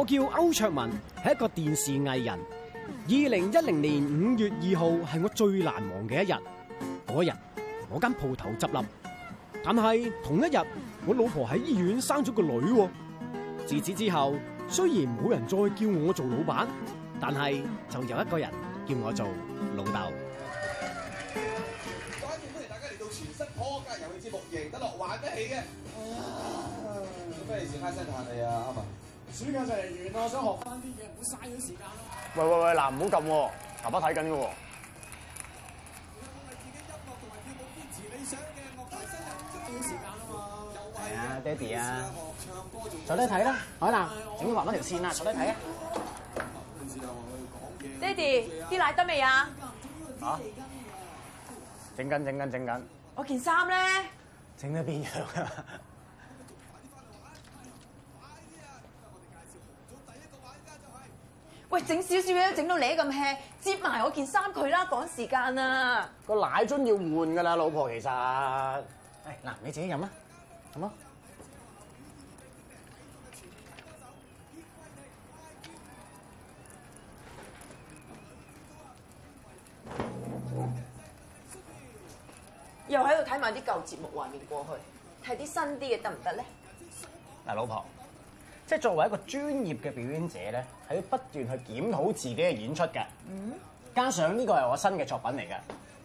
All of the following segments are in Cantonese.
我叫區焯文，係一個電視藝人。二零一零年五月二號係我最難忘嘅一日。嗰日我間鋪頭執笠，但係同一日我老婆喺醫院生咗個女。自此之後，雖然冇人再叫我做老闆，但係就有一個人叫我做老豆。歡迎大家嚟到全新《破格遊戲節目》，贏得落，玩得起嘅。咩事開心下你啊？阿暑假就嚟完咯，我想學翻啲嘢，唔好嘥咗時間咯。喂喂喂，嗱，唔好撳，爸爸睇緊嘅。自己音樂同埋跳舞堅持理想嘅樂嘉聲，即係要時間啦嘛。係啊，爹哋啊，坐低睇啦，海南，點樣畫翻條線啊？坐低睇啊。爹哋，啲奶得未啊？吓？整緊整緊整緊。我件衫咧。整得變樣啊！喂，整少少嘢都整到你咁輕，接埋我件衫佢啦，趕時間啊！個奶樽要換噶啦，老婆其實。哎，嗱，你自己飲啦，係咪？又喺度睇埋啲舊節目畫面過去，睇啲新啲嘅得唔得咧？嗱，老婆。即係作為一個專業嘅表演者咧，係要不斷去檢討自己嘅演出嘅。嗯，加上呢個係我新嘅作品嚟嘅，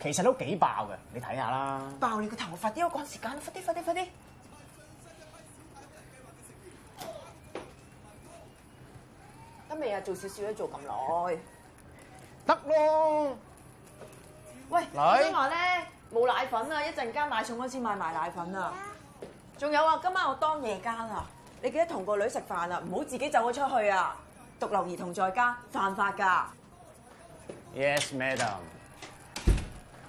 其實都幾爆嘅，你睇下啦。爆你個頭！快啲，我趕時間啦！快啲，快啲，快啲！今日啊，做少少都做咁耐。得咯。喂，來我想話咧，冇奶粉啊！一陣間買餸嗰時買埋奶粉啊！仲有啊，今晚我當夜間啊！你記得同個女食飯啊，唔好自己走咗出去啊！獨留兒童在家，犯法噶。Yes, madam。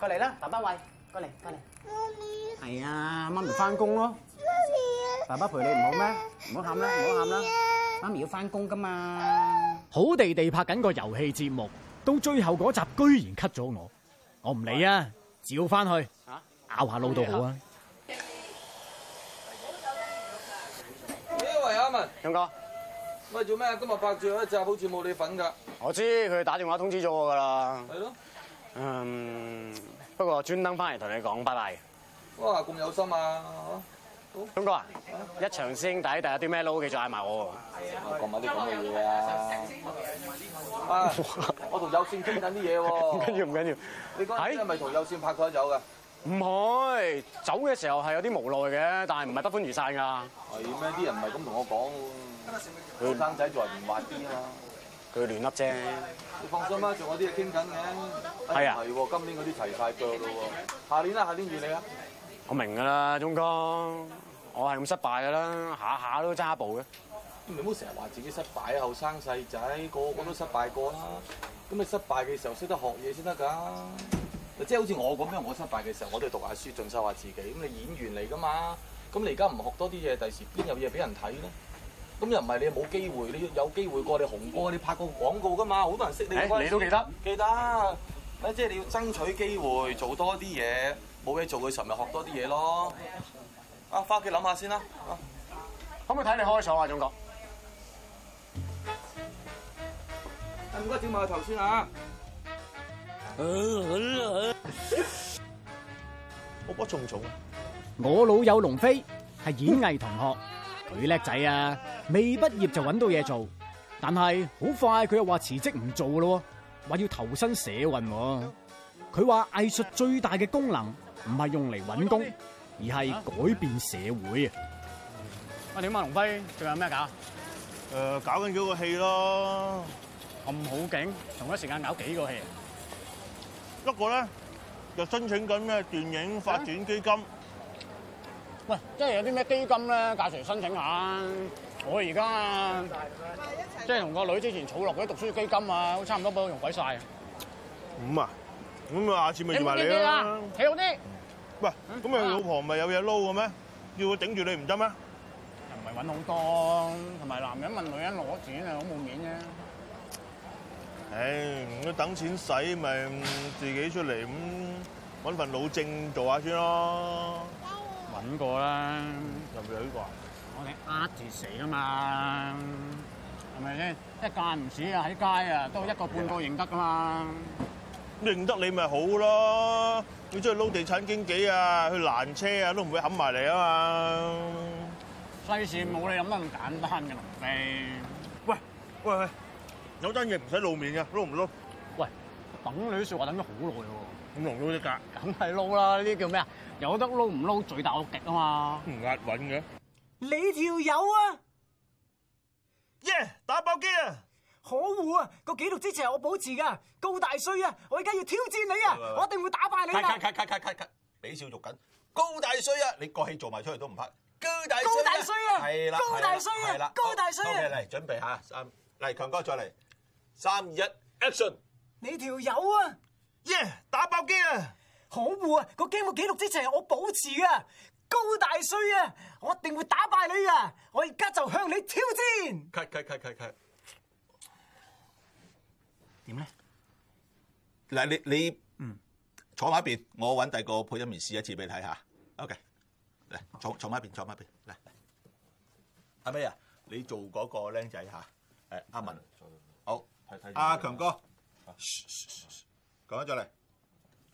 過嚟啦，爸爸喂，過嚟，過嚟。媽咪。係啊，媽咪翻工咯。媽咪。爸爸陪你唔好咩？唔好喊啦，唔好喊啦。媽咪要翻工噶嘛。好地地拍緊個遊戲節目，到最後嗰集居然 cut 咗我，我唔理啊，照翻去，咬下老豆好啊。張哥，喂，做咩？今日拍住一隻好似冇你份㗎。我知，佢打電話通知咗我㗎啦。係咯的。嗯，um, 不過專登翻嚟同你講，拜拜。哇，咁有心啊！張哥啊，一場師兄弟，第日啲咩撈記再嗌埋我喎。係啊，講埋啲咁嘅嘢啊，我同有線傾緊啲嘢喎。唔緊要，唔緊要。你今日係咪同有線拍拖走㗎？唔係，走嘅時候係有啲無奈嘅，但係唔係不歡而散㗎。係咩？啲人唔係咁同我講，後生仔在唔壞啲啊，佢亂笠啫。你放心啦，仲有啲嘢傾緊嘅。係啊，唔係喎，今年嗰啲齊曬腳咯喎，下年啦，下年預你啦。我明㗎啦，鍾哥，我係咁失敗㗎啦，下下都爭一步嘅。你唔好成日話自己失敗啊，後生細仔個個都失敗過啦。咁你失敗嘅時候識得學嘢先得㗎。即係好似我咁樣，我失敗嘅時候，我都要讀下書，進修下自己。咁你演員嚟㗎嘛？咁你而家唔學多啲嘢，第時邊有嘢俾人睇咧？咁又唔係你冇機會，你有機會過，你紅過，你拍過廣告㗎嘛？好多人識你。欸、你都記得記得。咪？即係你要爭取機會，做多啲嘢，冇嘢做嘅時候咪學多啲嘢咯。啊，返屋企諗下先啦、啊。啊、可唔可以睇你開手啊？總講。唔該，轉埋頭先嚇。波波蟲蟲，我老友龍飛係演藝同學，佢叻仔啊！未畢業就搵到嘢做，但係好快佢又話辭職唔做咯，話要投身社運。佢話藝術最大嘅功能唔係用嚟搵工，而係改變社會啊！喂，你好啊，龍飛，最近有咩搞？誒，搞緊幾個戲咯，咁好勁，同一時間搞幾個戲？不過咧，就申請緊咩電影發展基金？喂，即係有啲咩基金咧，介紹嚟申請下啦！我而家即係同個女之前儲落嗰啲讀書基金啊，差唔多幫我用鬼晒。咁啊？咁咪下次咪要買啦？睇好啲。喂，咁你老婆咪有嘢撈嘅咩？要佢頂住你唔得咩？又唔係揾好多，同埋男人問女人攞錢啊，好冇面啊！唉，唔等錢使咪自己出嚟咁揾份老證做下先咯。揾過啦，有冇有呢個？我哋呃住死啊嘛，係咪先？一間唔似啊，喺街啊都一個半個認得噶嘛。認得你咪好咯，你再撈地產經紀啊，去攔車啊都唔會冚埋嚟啊嘛。世事冇你諗得咁簡單嘅，誒喂喂喂！有單嘢唔使露面嘅，撈唔撈？喂，等你啲説話等咗好耐喎。咁容易撈只架？梗係撈啦！呢啲叫咩啊？有得撈唔撈，最大惡敵惡極啊嘛！唔押韻嘅。你條友啊！耶！Yeah, 打爆機啊！可惡啊！個紀錄之前係我保持㗎，高大衰啊！我而家要挑戰你啊！吧我一定會打敗你。咔咔咔咔咔咔！比笑逐緊。高大衰啊！你個氣做埋出嚟都唔拍！高大、啊、高大衰啊！係啦了，高大衰啊！高大衰、啊。到嚟了、啊 OK, 準備下！三嚟強哥再嚟。三二一，action！你條友啊，耶！打爆機啊！可惡啊！個 game 嘅記錄之前係我保持噶，高大帥啊！我一定會打敗你啊！我而家就向你挑戰！咳咳咳咳咳！點咧？嗱，你你嗯坐埋一邊，我揾第二個配音員試一次俾你睇下。OK，嚟坐坐埋一邊，坐埋一邊。嚟，阿 May 啊，你做嗰個僆仔吓，誒，阿文。阿強哥，講咗再嚟，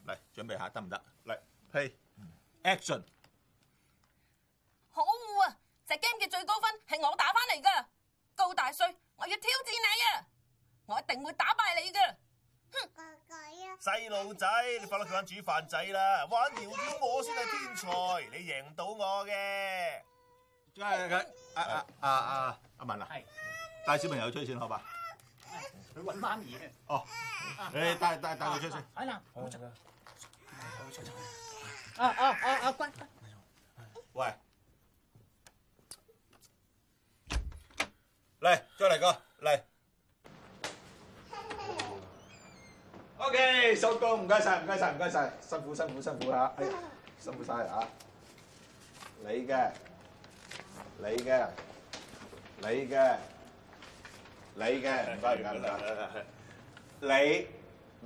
嚟，準備下得唔得？嚟，嘿，action！可惡啊！隻 game 嘅最高分係我打翻嚟噶，高大帥，我要挑戰你啊！我一定會打敗你噶！細路仔，你快低佢玩煮飯仔啦，玩跳跳我先係天才，你贏唔到我嘅。即係佢阿阿阿阿文啊，帶小朋友出去先，好吧？搵媽咪哦！你帶帶帶佢出去。阿南，我走啦。啊啊啊！阿君，喂，嚟，再嚟個，嚟。OK，收工，唔該曬，唔該曬，唔該曬，辛苦辛苦辛苦嚇，唉，辛苦曬嚇。你嘅，你嘅，你嘅。你嘅唔該唔該，你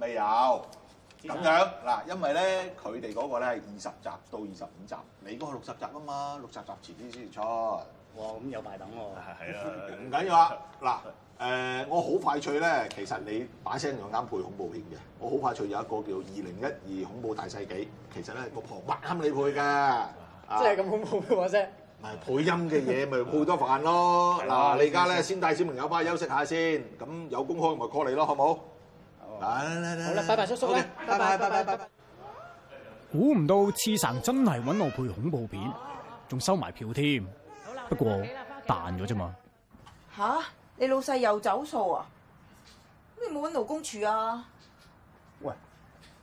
未有咁樣嗱，因為咧佢哋嗰個咧係二十集到二十五集，你嗰個六十集啊嘛，六十集遲啲先出。哇，咁有排等喎，係係啦，唔緊要啊。嗱，誒，我好快脆咧，其實你把聲就啱配恐怖片嘅，我好快脆有一個叫《二零一二恐怖大世紀》，其實咧個婆啱你配㗎，即係咁恐怖嘅話啫。配音嘅嘢咪好多份咯。嗱，你而家咧先帶小朋友翻去休息下先。咁有工開咪 call 你咯，好冇？好啦，拜拜，叔叔拜拜拜拜拜拜。估唔到黐神真係揾我配恐怖片，仲收埋票添。不過彈咗啫嘛。吓？你老細又走數啊？你冇揾勞工處啊？喂，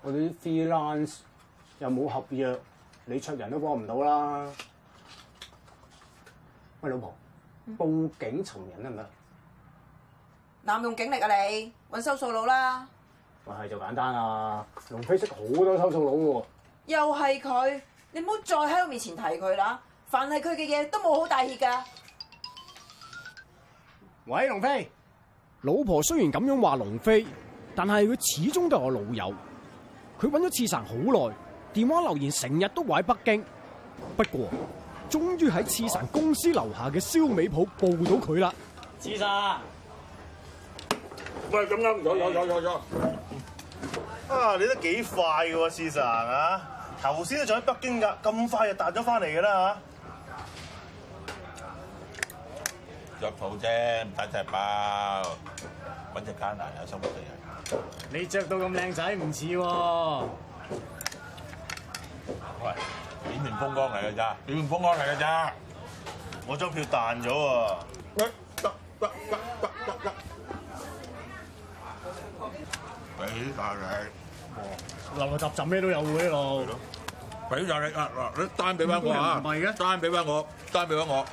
我哋啲 freelance 又冇合約，你出人都幫唔到啦。喂，老婆，報警尋人得唔得？濫用警力啊！你揾收數佬啦。喂，係就簡單啊，龍飛識好多收數佬喎。又係佢，你唔好再喺我面前提佢啦。凡係佢嘅嘢，都冇好大熱噶。喂，龍飛。老婆雖然咁樣話龍飛，但係佢始終都係我老友。佢揾咗次晨好耐，電話留言成日都話喺北京。不過。終於喺刺神公司樓下嘅燒味鋪報到佢啦！刺神身，喂，咁啱，有有有有有，啊，你都幾快嘅喎，啊，刺神啊！頭先都仲喺北京噶，咁快就彈咗翻嚟嘅啦吓！着好啫，唔使踢爆，揾只艱難有心地人。你着到咁靚仔，唔似喎。喂。表面風光嚟嘅咋？表面風光嚟嘅咋？我張票彈咗喎。得得得得得得，俾曬你。哦，垃垃雜雜咩都有喎呢度。係咯，俾曬你啊！嗱，啲單俾翻我啊！唔係嘅，單俾翻我，單俾翻我。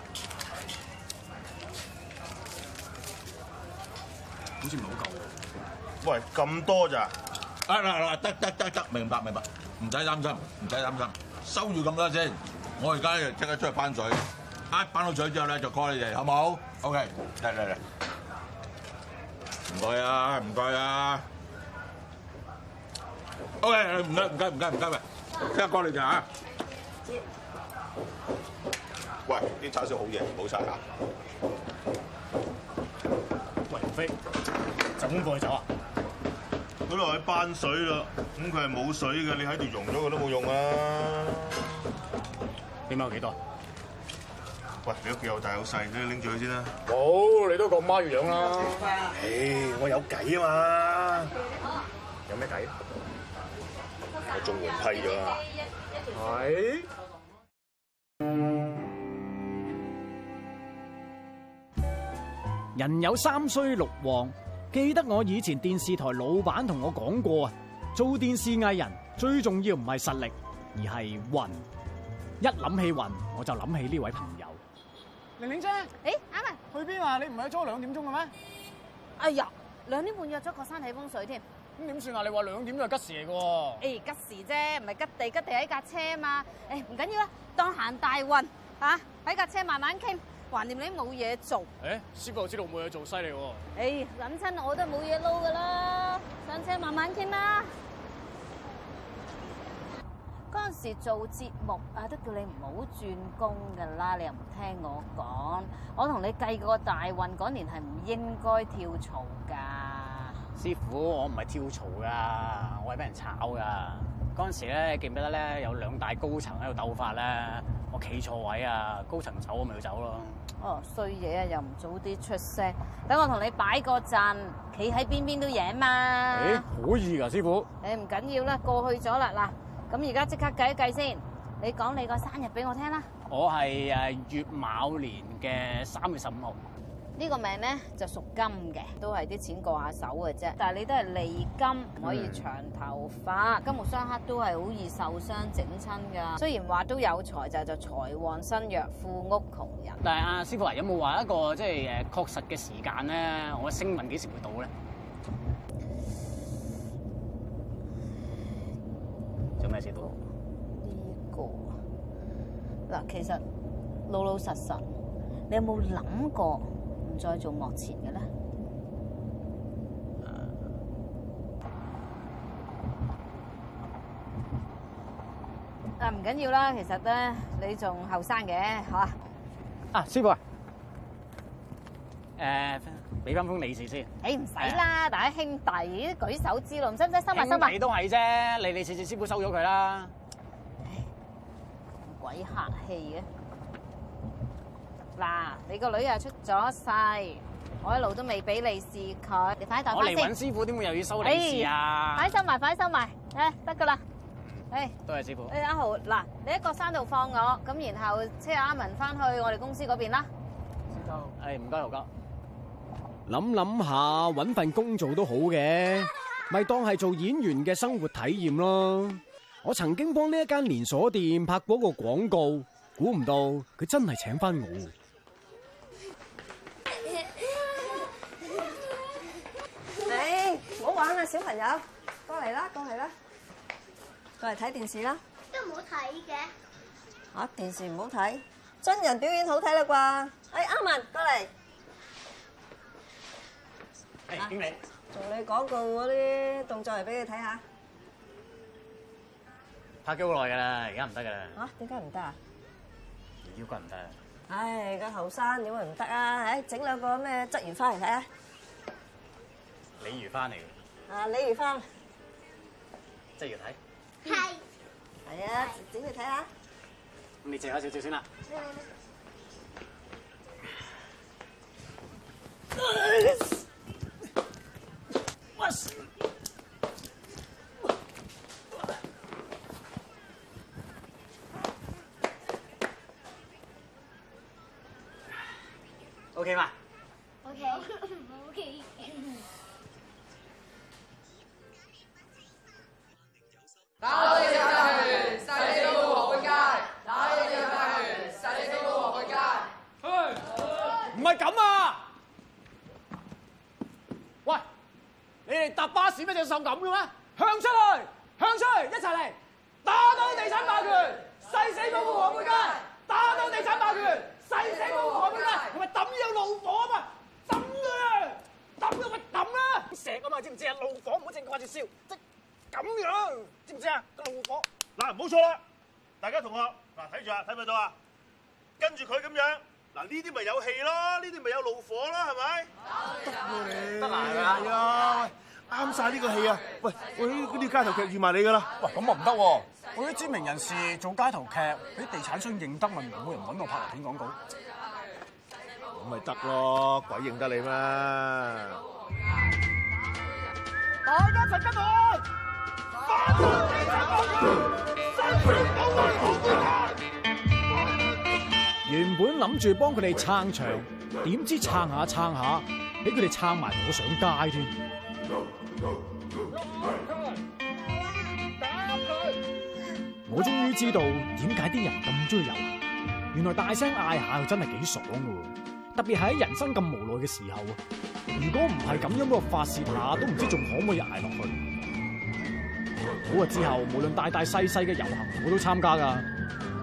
好似唔係好夠喎。喂，咁多咋？啊嗱嗱得得得得，明白明白，唔使擔心，唔使擔心。收住咁多先，我而家即刻出去返水，一返到水之後咧就過你哋，好唔好？OK，嚟嚟嚟，唔該啊，唔該啊，OK，唔該唔該唔該唔該喂，即刻過嚟咋嚇？喂，啲叉燒好嘢，唔好晒啊。喂，飛，就咁過去走啊！嗰度係班水咯，咁佢係冇水嘅，你喺度溶咗佢都冇用啊！你掹幾多？喂，你屋企有大有細，你拎住佢先啦。冇，你都講媽要養啦。唉，我有計啊嘛。有咩計？我仲換批咗啊。係。人有三衰六旺。記得我以前電視台老闆同我講過啊，做電視藝人最重要唔係實力，而係運。一諗起運，我就諗起呢位朋友。玲玲姐，誒，阿妹去邊啊？你唔係約咗兩點鐘嘅咩？哎呀，兩點半約咗個山起風水添。咁點算啊？你話兩點都係吉時嚟嘅。誒，吉時啫，唔係吉地，吉地喺架車啊嘛。誒，唔緊要啦，當行大運，吓喺架車慢慢傾。懷念你冇嘢做、哎、做，誒，師傅，我知道冇嘢做犀利喎。誒，諗親我都冇嘢撈噶啦，上車慢慢傾啦。嗰陣時做節目啊，都叫你唔好轉工噶啦，你又唔聽我講。我同你計過大運嗰年係唔應該跳槽噶。師傅，我唔係跳槽噶，我係俾人炒噶。嗰陣時咧，記唔記得咧有兩大高層喺度鬥法咧？企錯位啊！高層走我咪要走咯、嗯。哦，衰嘢啊，又唔早啲出聲，等我同你擺個陣，企喺邊邊都贏嘛。咦、欸，可以噶，啊，師傅。誒唔緊要啦，過去咗啦嗱，咁而家即刻計一計先，你講你個生日俾我聽啦。我係、啊、乙卯年嘅三月十五號。呢個名咧就屬金嘅，都係啲錢過下手嘅啫。但係你都係利金，唔可以長頭髮。嗯、金木雙克都係好易受傷整親㗎。雖然話都有財，就係、係、就財旺身弱，富屋窮人。但係阿師傅啊，有冇話一個即係誒確實嘅時間咧？我星運幾時會到咧？做咩事到？呢、呢個嗱，其實老老實實，你有冇諗過？再做幕前嘅咧？啊，唔緊要啦，其實咧你仲後生嘅，係嘛？啊，師傅，誒，俾翻封利是先。誒，唔使啦，大家兄弟，呢，舉手之勞，唔使唔使，收埋收埋。兄弟都係啫，你你你，師傅收咗佢啦。鬼客氣嘅。嗱，你個女又出咗世，我一路都未俾利是佢。你快啲打包先。我嚟揾師傅，點會又要收利是啊？快收埋，快收埋，誒得噶啦。誒，多謝師傅。誒，阿豪嗱，你喺國山度放我，咁然後車阿文翻去我哋公司嗰邊啦。師兄，誒唔該，豪哥。諗諗下揾份工做都好嘅，咪當係做演員嘅生活體驗咯。我曾經幫呢一間連鎖店拍過一個廣告，估唔到佢真係請翻我。小朋友過嚟啦，過嚟啦，過嚟睇電視啦。都唔好睇嘅。啊，電視唔好睇，真人表演好睇啦啩？哎，阿文過嚟。哎，經理做你廣告嗰啲動作嚟俾你睇下。拍咗好耐噶啦，而家唔得噶啦。啊，點解唔得啊？你腰骨唔得。唉，而家後生點會唔得啊？唉，整兩個咩鯽魚翻嚟睇啊？鯉魚翻嚟。是啊，李如芳，即要睇，係，係啊，整去睇下，咁你借我少少先啦。知唔知啊？怒火唔好淨掛住笑，即咁樣，知唔知啊？怒火嗱，唔好錯啦，大家同學嗱，睇住啊，睇唔睇到啊？跟住佢咁樣嗱，呢啲咪有戲咯？呢啲咪有怒火啦？係咪？得喎你，得嚟喂！啱晒呢個戲啊！喂、啊，喂，嗰啲街頭劇預埋你㗎啦！喂，咁我唔得喎！我啲知名人士做街頭劇，畀地產商認得我，唔會唔揾我拍片廣告，咁咪得咯？鬼認得你咩、啊？大家一齊跟住，他，他啊、原本諗住幫佢哋撐場，點知撐下撐下，俾佢哋撐埋我上街添。我終於知道點解啲人咁鍾意遊，原來大聲嗌下又真係幾爽噶，特別係喺人生咁無奈嘅時候啊！如果唔係咁樣個發洩下，都唔知仲可唔可以挨落去好日。好啊，之後無論大大細細嘅遊行，我都參加噶。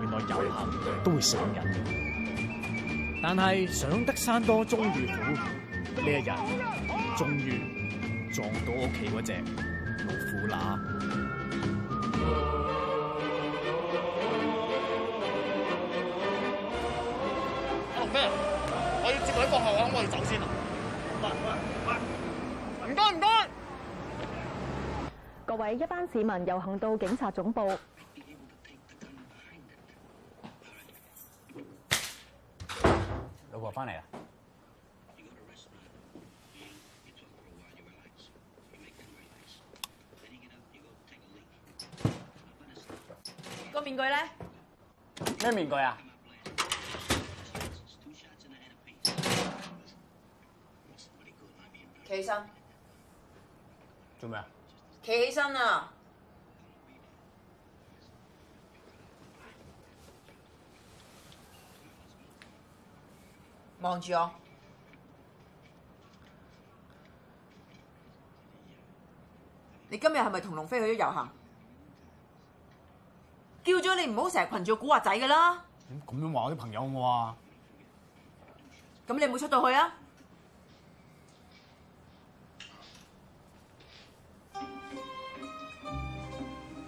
原來遊行都會上人但是。但係上得山多終遇虎。呢一日終於撞到屋企嗰隻老虎乸。阿龍咩？我要接佢放學，我可唔可以走先啊？得唔得？各位一班市民遊行到警察總部。老婆翻嚟啦。個面具咧？咩面具啊？起身。企起身啊！望住我。你今日係咪同龍飛去咗遊行？叫咗你唔好成日群做古惑仔噶啦！咁樣話我啲朋友我啊？咁你有冇出到去啊？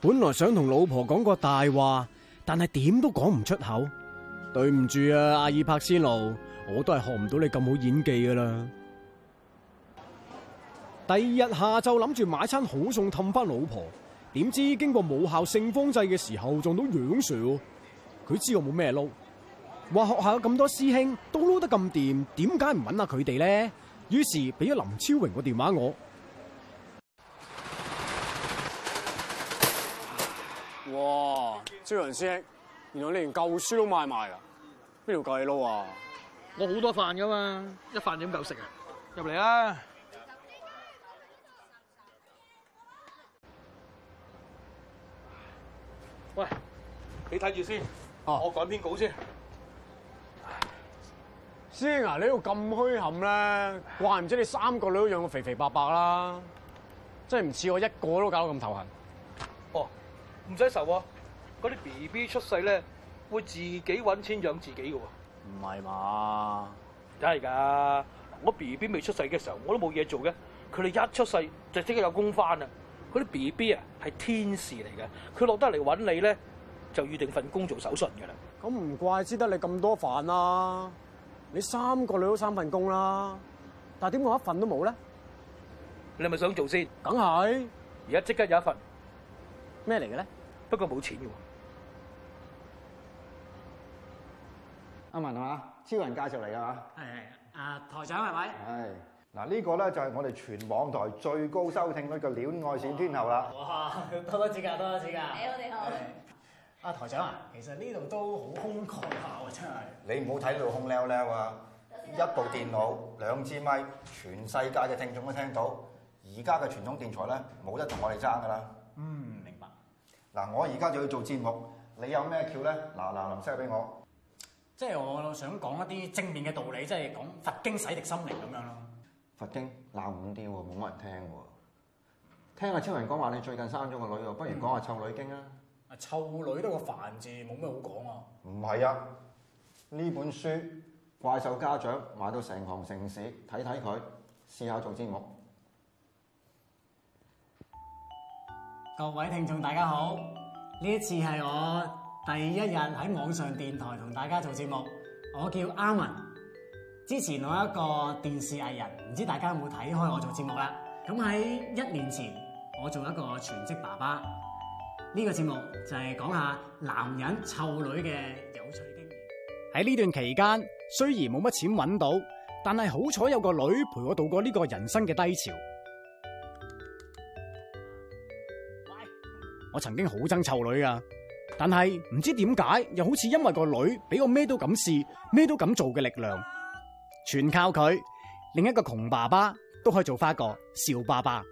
本來想同老婆講個大話，但係點都講唔出口。對唔住啊，阿爾柏仙奴，我都係學唔到你咁好演技噶啦。第二日下晝諗住買餐好餸氹翻老婆，點知經過母校聖方濟嘅時候撞到楊 Sir，佢知道我冇咩撈，話學校有咁多師兄都撈得咁掂，點解唔揾下佢哋咧？於是俾咗林超榮個電話我。哇！焯文師兄，原來你連舊書都賣埋啊？邊條計啊？我好多飯噶、啊、嘛，一飯點夠食喂啊！入嚟啦！喂，你睇住先，我講篇稿先。師兄啊，你呢度咁虛冚咧，怪唔知你三個女都養到肥肥白白啦，真係唔似我一個都搞到咁頭痕。哦。唔使愁啊，嗰啲 B B 出世咧，會自己揾錢養自己嘅喎、啊。唔係嘛？真係噶，我 B B 未出世嘅時候，我都冇嘢做嘅。佢哋一出世就即刻有工返啦。嗰啲 B B 啊，係天使嚟嘅。佢落得嚟揾你咧，就預定份工做手信嘅啦。咁唔怪之得你咁多煩啦、啊。你三個女都三份工啦，但係點解一份都冇咧？你係咪想做先？梗係。而家即刻有一份咩嚟嘅咧？不過冇錢嘅喎，阿文啊嘛，超人介紹嚟嘅嚇，係係啊台長係咪？係嗱，啊這個、呢個咧就係、是、我哋全網台最高收聽率嘅戀愛線天后啦！哇，多多指教，多多指教。你、哎、好，你好、哎。阿、啊、台長啊，其實呢度都好空曠啊，真係。你唔好睇到空溜溜啊！一部電腦、兩支咪，全世界嘅聽眾都聽到。而家嘅傳統電台咧，冇得同我哋爭㗎啦。嗯。嗱，我而家就要做節目，你有咩竅咧？嗱嗱，林 Sir 俾我，即係我想講一啲正面嘅道理，即係講佛經洗滌心靈咁樣咯。佛經冷門啲喎，冇乜人聽喎。聽阿超人講話你最近生咗個女喎，不如講下《臭女經》啦。《臭女》都個煩字，冇咩好講啊。唔係啊，呢本書《怪獸家長》賣到成行成市，睇睇佢，試下做節目。各位聽眾大家好，呢一次係我第一日喺網上電台同大家做節目，我叫阿文。之前我係一個電視藝人，唔知大家有冇睇開我做節目啦。咁喺一年前，我做一個全職爸爸。呢個節目就係講下男人湊女嘅有趣經驗。喺呢段期間，雖然冇乜錢揾到，但係好彩有個女陪我度過呢個人生嘅低潮。我曾經好憎臭女啊，但係唔知點解，又好似因為個女俾我咩都咁試，咩都咁做嘅力量，全靠佢，另一個窮爸爸都可以做翻一個笑爸爸。